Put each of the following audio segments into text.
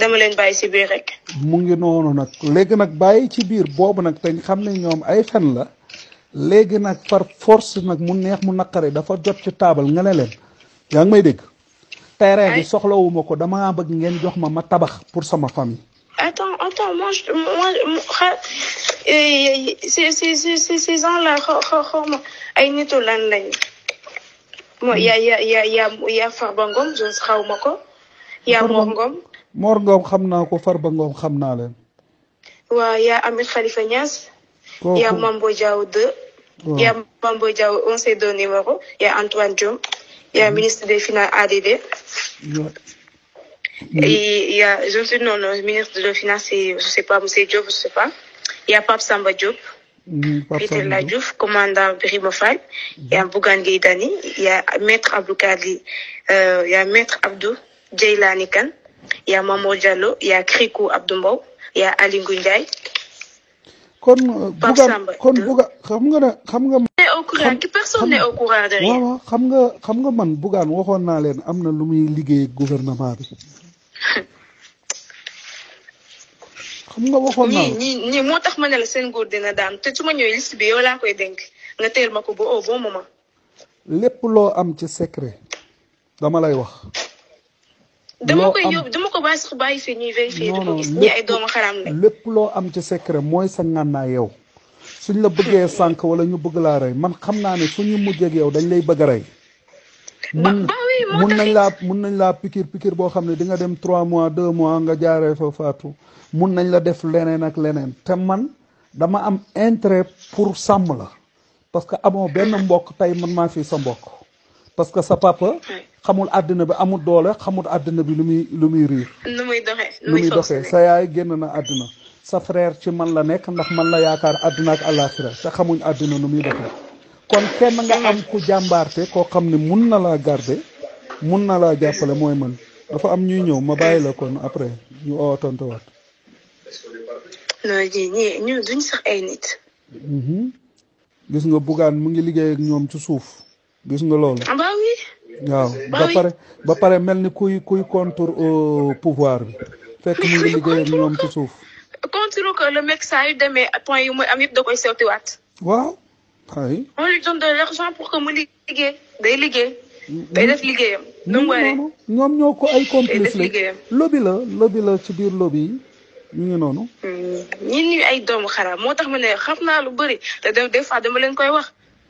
dama leen bàyyi ci biir rek. mu ngi noonu nag léegi nag bàyyi ci biir boobu nag te xam ne ñoom ay fen la léegi nag par force nag mu neex mu naqare dafa jot ci taabal nga ne leen yaa ngi may dégg. terrain bi soxlawuma ko dama bëgg ngeen jox ma ma tabax pour sama famille. attends attends moi moi si si si nitu lan lañu. Ngom. Mor Ngom y' a Ahmed Khalifa il y' a Mambo Diaw 2. y' a Mambo Diaw on s'est donné il y' a Antoine il y' a ministre des finances ADD. y' a je sais non non ministre des Finances, je ne sais pas M. Diop je ne sais pas. il y' a Pape Samba Diop. Mm-hmm, Peter Ladjouf, commandant Brimofal, il mm-hmm. y a Bougan Gaydani, il y a Maître Abdou il y a Maître Abdou Djeylani yaa Mamadou Diallo yaa Kriku Abdou Mbow yaa Aliou Ndiaye. kon Bougane kon Bougane xam nga xam nga. ne au courant xam nga xam nga man Bougane waxoon naa leen am na lu muy liggéey gouvernement bi. xam nga waxoon naa ñii ñii moo tax ma ne la seen nguur dina daan te su ma ñëwee liste bi yow laa koy dénk nga teel ma ko ba au lépp loo am ci secret dama lay wax. dama koy yóbbu dama ko bàyyi sax bàyyi fii ñuy vérifier di ko gis ñi ay doomu xaram la lépp loo am ci secret mooy sa ngànnaay yow suñ la bëggee hmm. sànq wala ñu bëgg laa rey man xam naa ne suñu mujjeeg yow dañ lay bëgg a rey mun nañ laa mun nañ laa pikiir pikiir boo xam ne di nga dem trois mois deux mois nga jaaree fa faatu mun nañ la def leneen ak leneen te man dama am intérêt pour sàmm la parce que amoo benn mbokk tey man maa fi sa mbokk parce que sa papa xamul aduna bi amul doole xamul aduna bi lumuy lumuy lu muy riir lumuy doxé doxee lu sa yaay génn na aduna sa frère ci man la nek ndax man la yaakar aduna ak àllaaxira sa xamuñ aduna numuy doxé kon kenn nga am ku jambarté ko xamni ne mun na la garder mun na la jappalé moy man dafa am ñuy ñew ma bàyyi la kon après ñu oo tontuwaat non ji ñi ñu duñ sax ay nit hmm gis nga bugan mu ngi liggéey ak ñom ci souf gis nga loolu. Ah, bah bah ba oui. waaw ba pare ba pare mel ni kuy kuy contre euh, pouvoir bi. fekk mu ngi liggéey ñoom ci suuf. contre que le mec saa yu demee point yi muy am yëpp da koy sewtiwaat. waaw. ay on lui donne de l'argent pour que mu liggéey day liggéey. day def liggéeyam. nu mu waree ñoom ñoo ko ay complice la lobby la lobby la ci biir lobby yi. ñu ngi noonu. Hmm. ñun ñu ay doomu xaraam moo tax ma ne xam naa lu bëri te des fois dama leen koy wax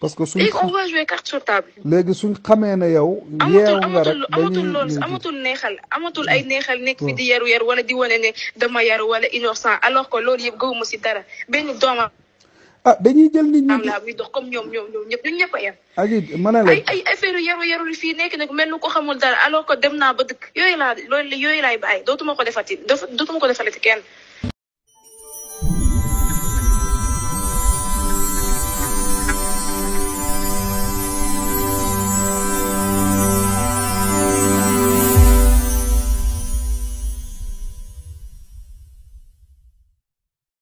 parce que suñ. léegi on va jouer carte sur table. légui suñ xamé ne yow. yéw nga rek amatul lool amatul neexal amatul ay neexal nek fi di yaru yar wala di wone ne dama yaru wala innocent alors que lool yëpp gawuma ci dara benn doomam. ah dañuy jël nit ñi. am la muy dox comme ñom ñom ñom ñep duñ ñep yar yem. mané la ay affaire yaru yaru fi nek nak melnu ko xamul dara alors que dem naa ba dëkk yoy la lool yoy lay bay dootuma ko defati dootuma ko defalati kenn.